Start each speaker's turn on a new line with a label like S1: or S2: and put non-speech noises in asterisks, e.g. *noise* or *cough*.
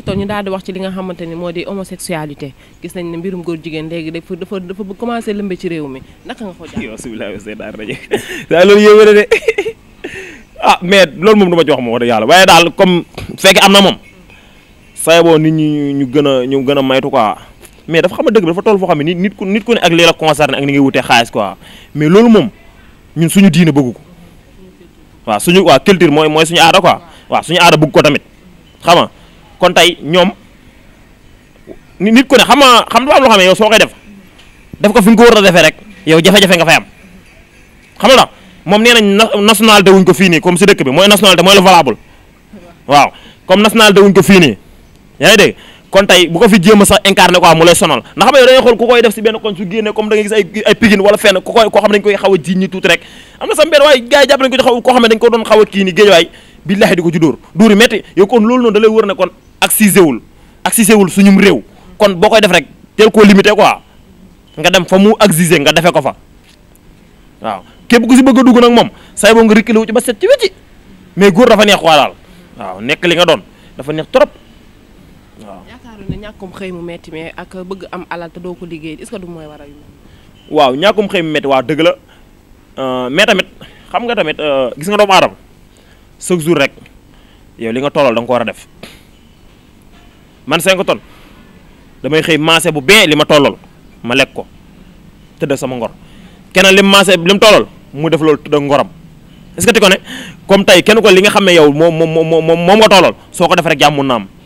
S1: 5 tonnes ñu daal di wax ci li nga xamante ni moo di homosexualité gis nañ ne mbirum góor jigéen léegi dafa dafa dafa commencé lëmbe ci réew mi naka nga ko jàpp. na *laughs* de
S2: *laughs* ah mais loolu na moom saa boo nit ñu gën a gën a maytu quoi mais dafa xam ne dëgg dafa toll foo xam ne nit ku nit ku ne ak lii la concerné ak ni ngay wutee xaalis quoi mais loolu moom ñun suñu diine bëggu ko waaw suñu waa culture mooy suñu aada quoi waaw suñu aada bëgg ko tamit xam kon tey ñoom nit ko ne xam nga xam dafa am loo xam ne yow soo koy def def ko fi nga ko war a defee rek yow jafe-jafe nga fay am xam nga moom nee ko bi mooy nationalité mooy ko a xam da nga gis dañ koy xaw a jiiñ ñi tuuti rek am na sax benn waaye gars yi jàpp nañ ko xaw koo xam ne dañ ko doon xaw a kii nii géej waay billahi di ko ci dóor dóor yow kon loolu noonu da lay wër ne kon ak sisewul ak sisewul suñum réew kon boo koy def rek teel koo limité quoi nga dem fa mu exigé nga defee ko fa waaw képp ku si bëgg a dugg nag moom say boo nga reculé wu ba set mais góor dafa neex quoi daal waaw nekk li nga doon dafa neex trop
S1: waaw. yaakaaroon xëy mu metti mais ak bëgg am alal doo ko liggéey est-ce mooy waral
S2: waaw ñàkkum xëy mu metti dëgg la euh, mais tamit xam nga tamit euh, gis nga doomu aadama chaque jour rek yow li nga tollal da ko war a def. man 5 tonnes damay xëy maase bu bee li ma tollool ma lekk ko tëdd sama ngor keneen lim maase lim tollool mu def loolu tëdd ngoram est-ce que ti ko ne comme tey kenn ko li nga xam ne yow moom moom moom moom nga tollool soo ko defee rek jàmm mun na